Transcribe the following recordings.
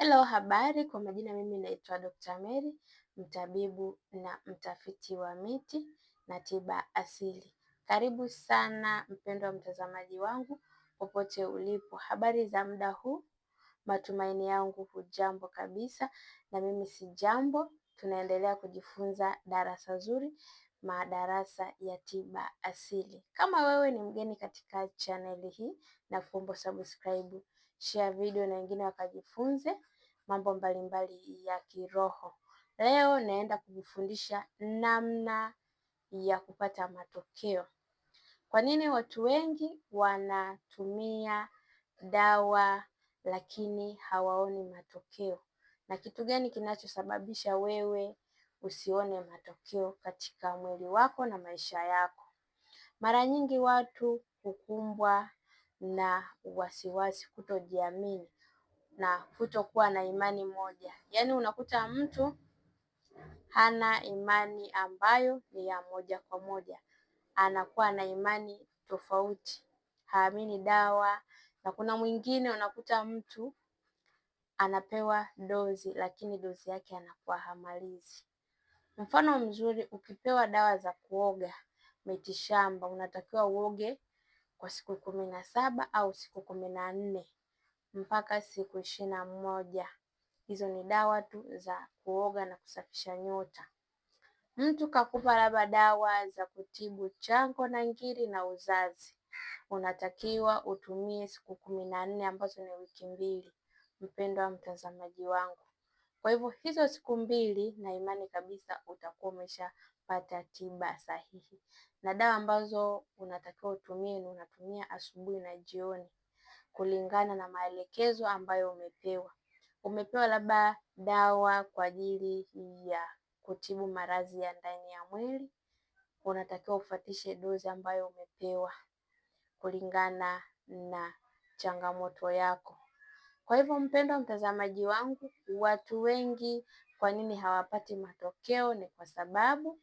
Hello, habari. Kwa majina mimi naitwa Dr. Mary, mtabibu na mtafiti wa miti na tiba asili. Karibu sana mpendwa mtazamaji wangu popote ulipo. Habari za muda huu? Matumaini yangu hujambo kabisa na mimi si jambo. Tunaendelea kujifunza darasa zuri, madarasa ya tiba asili. Kama wewe ni mgeni katika chaneli hii na kuomba subscribe share video na wengine wakajifunze mambo mbalimbali ya kiroho. Leo naenda kujifundisha namna ya kupata matokeo. Kwa nini watu wengi wanatumia dawa lakini hawaoni matokeo? Na kitu gani kinachosababisha wewe usione matokeo katika mwili wako na maisha yako? Mara nyingi watu hukumbwa na wasiwasi, kutojiamini na kutokuwa na imani moja. Yaani unakuta mtu hana imani ambayo ni ya moja kwa moja, anakuwa na imani tofauti, haamini dawa. Na kuna mwingine unakuta mtu anapewa dozi lakini dozi yake anakuwa hamalizi. Mfano mzuri, ukipewa dawa za kuoga shamba unatakiwa uoge kwa siku kumi na saba au siku kumi na nne mpaka siku ishirini na moja. Hizo ni dawa tu za kuoga na kusafisha nyota. Mtu kakupa labda dawa za kutibu chango na ngiri na uzazi, unatakiwa utumie siku kumi na nne ambazo ni wiki mbili. Mpendwa mtazamaji wangu, kwa hivyo hizo siku mbili na imani kabisa utakuwa umeshapata tiba sahihi na dawa ambazo unatakiwa utumie ni unatumia asubuhi na jioni kulingana na maelekezo ambayo umepewa. Umepewa labda dawa kwa ajili ya kutibu maradhi ya ndani ya mwili, unatakiwa ufuatishe dozi ambayo umepewa kulingana na changamoto yako. Kwa hivyo mpendwa mtazamaji wangu, watu wengi kwa nini hawapati matokeo? Ni kwa sababu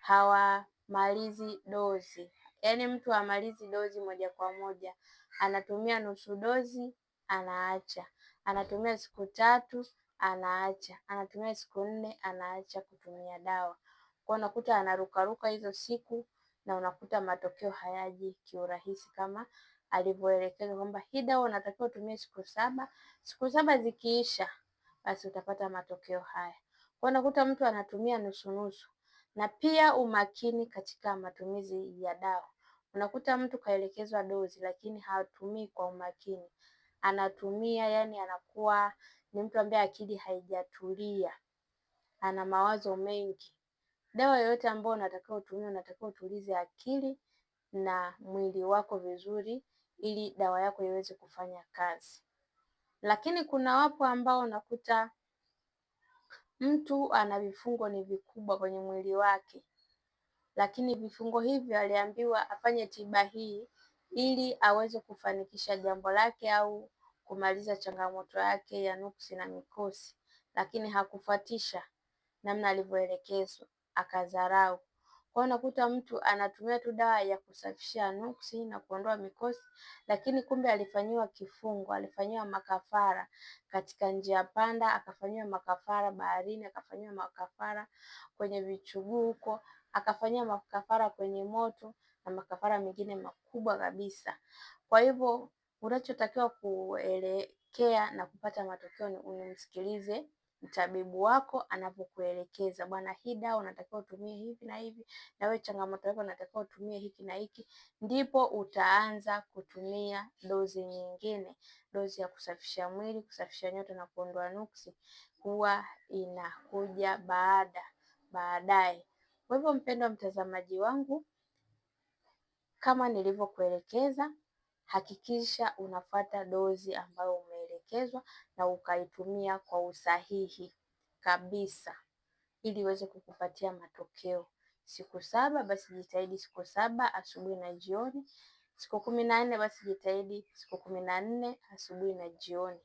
hawamalizi dozi, yaani mtu hamalizi dozi moja kwa moja, anatumia nusu dozi anaacha, anatumia siku tatu anaacha, anatumia siku nne anaacha kutumia dawa. Kwa unakuta anarukaruka hizo siku na unakuta matokeo hayaji kiurahisi kama alivyoelekezwa kwamba hii dawa unatakiwa utumie siku saba. Siku saba zikiisha, basi utapata matokeo haya. Kwa unakuta mtu anatumia nusu nusu, na pia umakini katika matumizi ya dawa. Unakuta mtu kaelekezwa dozi, lakini hatumii kwa umakini, anatumia yani, anakuwa ni mtu ambaye akili haijatulia, ana mawazo mengi. Dawa yoyote ambayo unatakiwa utumie, unatakiwa utulize akili na mwili wako vizuri ili dawa yako iweze kufanya kazi. Lakini kuna wapo ambao unakuta mtu ana vifungo ni vikubwa kwenye mwili wake, lakini vifungo hivyo aliambiwa afanye tiba hii ili aweze kufanikisha jambo lake au kumaliza changamoto yake ya nuksi na mikosi, lakini hakufuatisha namna alivyoelekezwa, akadharau. Kwa unakuta mtu anatumia tu dawa ya kusafisha nuksi na kuondoa mikosi, lakini kumbe alifanyiwa kifungo, alifanyiwa makafara katika njia panda, akafanyiwa makafara baharini, akafanyiwa makafara kwenye vichuguu huko, akafanyiwa makafara kwenye moto na makafara mengine makubwa kabisa. Kwa hivyo unachotakiwa kuelekea na kupata matokeo ni unimsikilize mtabibu wako anapokuelekeza bwana, hii dawa unatakiwa utumie hivi na hivi, na wewe changamoto yako unatakiwa utumie hiki na hiki, ndipo utaanza kutumia dozi nyingine. Dozi ya kusafisha mwili, kusafisha nyota na kuondoa nuksi huwa inakuja baada baadaye. Kwa hivyo, mpendwa mtazamaji wangu, kama nilivyokuelekeza, hakikisha unafuata dozi ambayo umeelekezwa na ukaitumia kwa usahihi kabisa ili iweze kukupatia matokeo. Siku saba basi jitahidi siku saba asubuhi na jioni. Siku kumi na nne basi jitahidi siku kumi na nne asubuhi na jioni.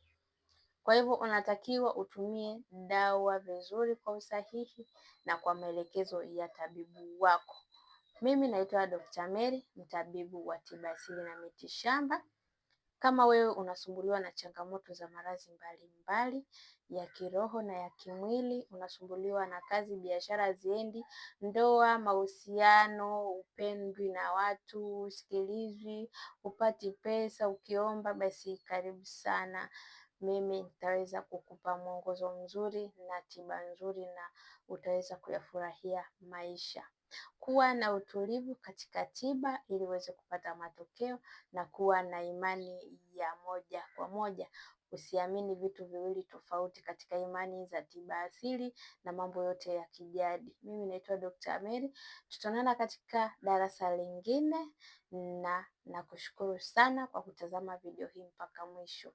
Kwa hivyo unatakiwa utumie dawa vizuri kwa usahihi na kwa maelekezo ya tabibu wako. Mimi naitwa Dr. Mary, mtabibu wa tiba asili na miti shamba. Kama wewe unasumbuliwa na changamoto za maradhi mbalimbali ya kiroho na ya kimwili, unasumbuliwa na kazi, biashara ziendi, ndoa, mahusiano, upendwi na watu, usikilizwi upati pesa, ukiomba, basi karibu sana, mimi nitaweza kukupa mwongozo mzuri na tiba nzuri na utaweza kuyafurahia maisha kuwa na utulivu katika tiba ili uweze kupata matokeo na kuwa na imani ya moja kwa moja. Usiamini vitu viwili tofauti katika imani za tiba asili na mambo yote ya kijadi. Mimi naitwa Dr. Mary, tutaonana katika darasa lingine na nakushukuru sana kwa kutazama video hii mpaka mwisho.